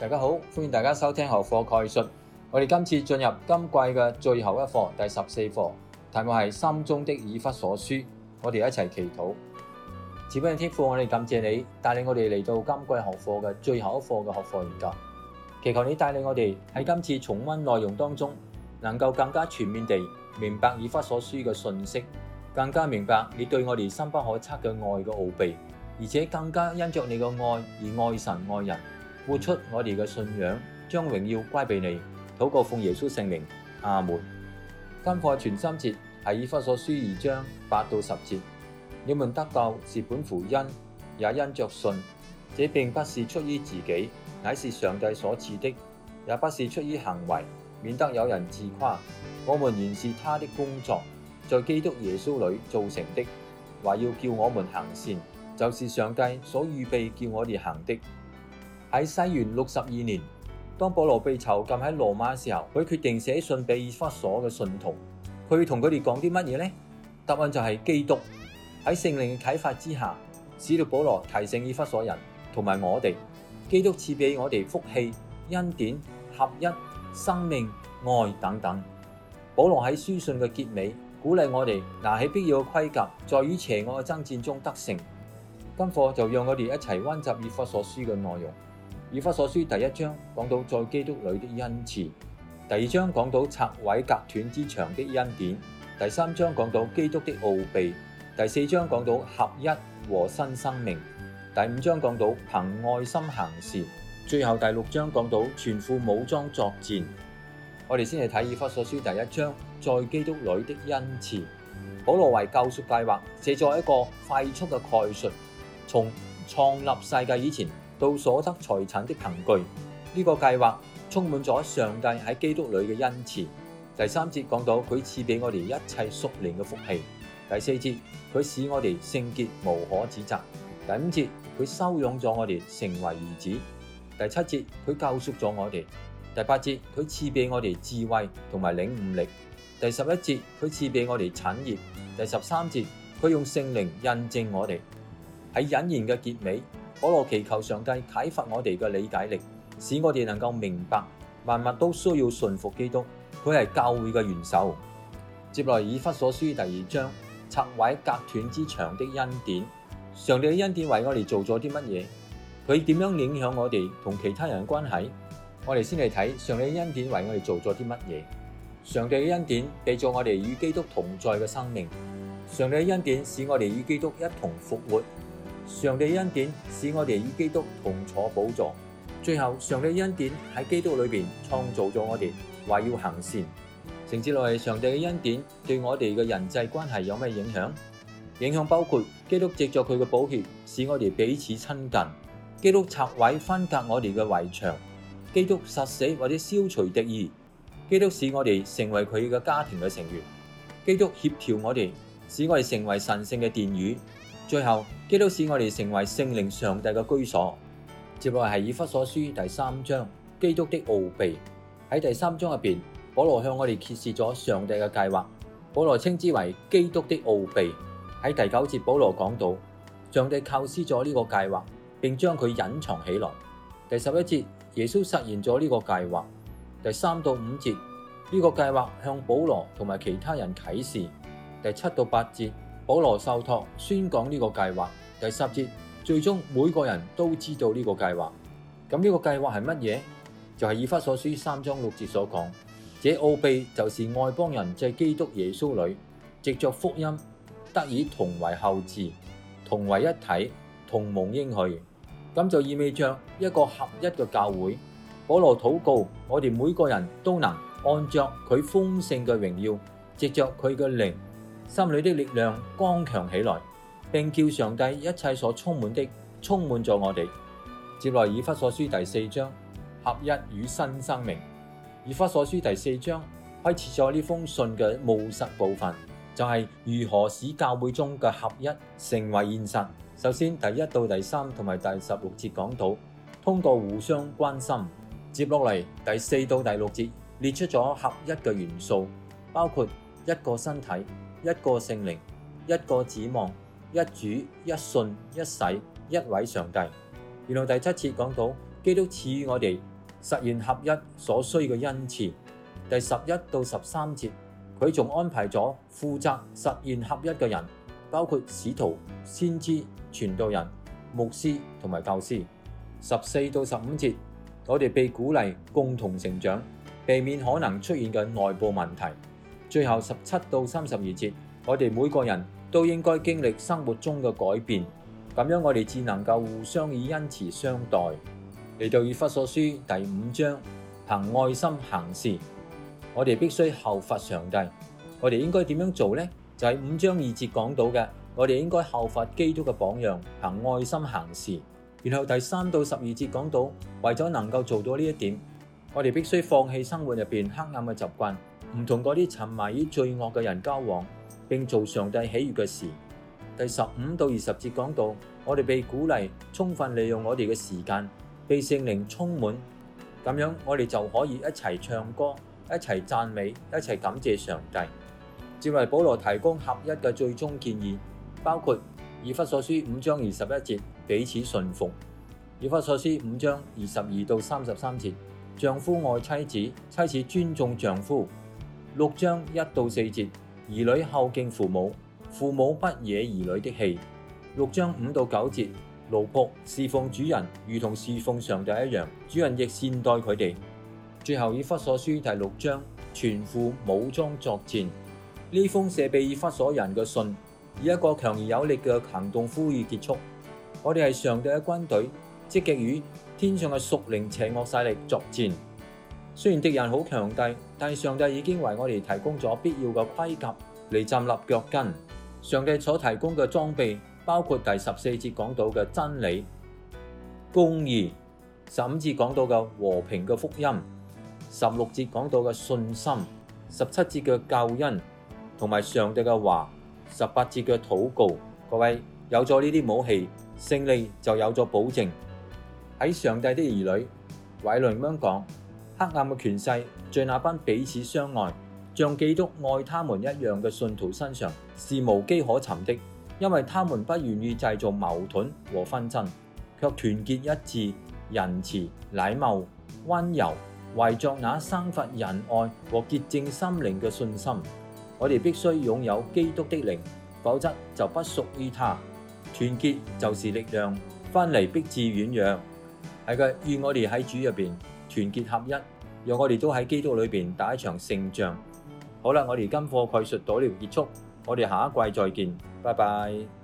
大家好，歡迎大家收聽學課概述。我哋今次進入今季嘅最後一課，第十四課，題目係心中的以弗所書。我哋一齊祈禱。主嘅天父，我哋感謝你帶領我哋嚟到今季學課嘅最後一課嘅學課研究。祈求你帶領我哋喺今次重溫內容當中，能夠更加全面地明白以弗所書嘅信息，更加明白你對我哋深不可測嘅愛嘅奧秘，而且更加因着你嘅愛而愛神愛人。活出我哋嘅信仰，將榮耀歸俾你，禱告奉耶穌聖名，阿門。今課全心節係以弗所書二章八到十節。你們得救是本乎恩，也因着信。這並不是出於自己，乃是上帝所賜的；也不是出於行為，免得有人自誇。我們原是他的工作，在基督耶穌裏造成的。為要叫我們行善，就是上帝所預備叫我哋行的。喺西元六十二年，當保羅被囚禁喺羅馬嘅時候，佢決定寫信俾以弗所嘅信徒。佢同佢哋講啲乜嘢呢？答案就係基督喺聖靈嘅啟發之下，使徒保羅提醒以弗所人同埋我哋，基督賜俾我哋福氣、恩典、合一、生命、愛等等。保羅喺書信嘅結尾鼓勵我哋拿起必要嘅盔甲，在與邪惡嘅爭戰中得勝。今課就讓我哋一齊温習以弗所書嘅內容。以弗所書第一章講到在基督裏的恩賜，第二章講到拆毀隔斷之牆的恩典，第三章講到基督的奧秘，第四章講到合一和新生命，第五章講到憑愛心行善，最後第六章講到全副武裝作戰。我哋先嚟睇以弗所書第一章，在基督裏的恩賜。保羅為救贖計劃寫咗一個快速嘅概述，從創立世界以前。到所得財產的憑據，呢、這個計劃充滿咗上帝喺基督裏嘅恩慈。第三節講到佢賜俾我哋一切屬靈嘅福氣。第四節佢使我哋聖潔無可指責。第五節佢收養咗我哋成為兒子。第七節佢救贖咗我哋。第八節佢賜俾我哋智慧同埋領悟力。第十一節佢賜俾我哋產業。第十三節佢用聖靈印證我哋。喺引言嘅結尾。保羅祈求上帝啟發我哋嘅理解力，使我哋能夠明白萬物都需要順服基督，佢係教會嘅元首。接來以弗所書第二章拆毀隔斷之牆的恩典，上帝嘅恩典為我哋做咗啲乜嘢？佢點樣影響我哋同其他人嘅關係？我哋先嚟睇上帝嘅恩典為我哋做咗啲乜嘢？上帝嘅恩典俾咗我哋與基督同在嘅生命，上帝嘅恩典使我哋與基督一同復活。上帝恩典使我哋與基督同坐寶座，最後上帝恩典喺基督裏邊創造咗我哋，話要行善。承接落嚟，上帝嘅恩典對我哋嘅人際關係有咩影響？影響包括基督藉着佢嘅寶血，使我哋彼此親近；基督拆毀分隔我哋嘅圍牆；基督殺死或者消除敵意；基督使我哋成為佢嘅家庭嘅成員；基督協調我哋，使我哋成為神聖嘅殿宇。最後，基督使我哋成為聖靈上帝嘅居所。接落係以弗所書第三章基督的奧秘。喺第三章入邊，保羅向我哋揭示咗上帝嘅計劃。保羅稱之為基督的奧秘。喺第九節，保羅講到上帝構思咗呢個計劃，並將佢隱藏起來。第十一節，耶穌實現咗呢個計劃。第三到五節，呢個計劃向保羅同埋其他人啟示。第七到八節。保羅受託宣講呢個計劃，第十節最終每個人都知道呢個計劃。咁呢個計劃係乜嘢？就係以弗所書三章六節所講：這奧秘就是外邦人借基督耶穌裏，藉着福音得以同為後嗣，同為一體，同蒙應許。咁就意味着一個合一嘅教會。保羅禱告，我哋每個人都能按着佢豐盛嘅榮耀，藉着佢嘅靈，心裏的力量剛強起來，並叫上帝一切所充滿的充滿咗我哋。接下來以弗所書第四章合一與新生命。以弗所書第四章開始咗呢封信嘅務實部分，就係如何使教會中嘅合一成為現實。首先第一到第三同埋第十六節講到通過互相關心，接落嚟第四到第六節列出咗合一嘅元素，包括一個身體。一個聖靈，一個指望，一主一信一洗，一位上帝。原來第七節講到基督賜予我哋實現合一所需嘅恩賜。第十一到十三節，佢仲安排咗負責實現合一嘅人，包括使徒、先知、傳道人、牧師同埋教師。十四到十五節，我哋被鼓勵共同成長，避免可能出現嘅內部問題。最後十七到三十二節，我哋每個人都應該經歷生活中嘅改變，咁樣我哋只能夠互相以恩慈相待。嚟到以弗所書第五章，憑愛心行事，我哋必須效法上帝。我哋應該點樣做呢？就係、是、五章二節講到嘅，我哋應該效法基督嘅榜樣，憑愛心行事。然後第三到十二節講到，為咗能夠做到呢一點，我哋必須放棄生活入邊黑暗嘅習慣。唔同嗰啲沉迷於罪惡嘅人交往，並做上帝喜悦嘅事。第十五到二十節講到，我哋被鼓勵充分利用我哋嘅時間，被聖靈充滿，咁樣我哋就可以一齊唱歌，一齊讚美，一齊感謝上帝。接嚟保羅提供合一嘅最終建議，包括以弗所書五章二十一節，彼此順服；以弗所書五章二十二到三十三節，丈夫愛妻子，妻子尊重丈夫。六章一到四節，兒女孝敬父母，父母不惹兒女的氣。六章五到九節，奴僕侍奉主人，如同侍奉上帝一樣，主人亦善待佢哋。最後以弗所書第六章，全副武裝作戰。呢封寫俾以弗所人嘅信，以一個強而有力嘅行動呼籲結束。我哋係上帝嘅軍隊，積極與天上嘅屬靈邪惡勢力作戰。雖然敵人好強大，但是上帝已經為我哋提供咗必要嘅盔甲嚟站立腳跟。上帝所提供嘅裝備包括第十四節講到嘅真理、公義；十五節講到嘅和平嘅福音；十六節講到嘅信心；十七節嘅救恩，同埋上帝嘅話；十八節嘅禱告。各位，有咗呢啲武器，勝利就有咗保證。喺上帝的兒女，委倫咁樣講。黑暗嘅權勢，在那班彼此相愛、像基督愛他們一樣嘅信徒身上是無機可尋的，因為他們不願意製造矛盾和紛爭，卻團結一致、仁慈、禮貌、溫柔，懷著那生發仁愛和潔淨心靈嘅信心。我哋必須擁有基督的靈，否則就不屬於他。團結就是力量，分裂必致軟弱。係嘅，願我哋喺主入邊。團結合一，讓我哋都喺基督裏面打一場勝仗。好啦，我哋今課概述到了結束。我哋下一季再見，拜拜。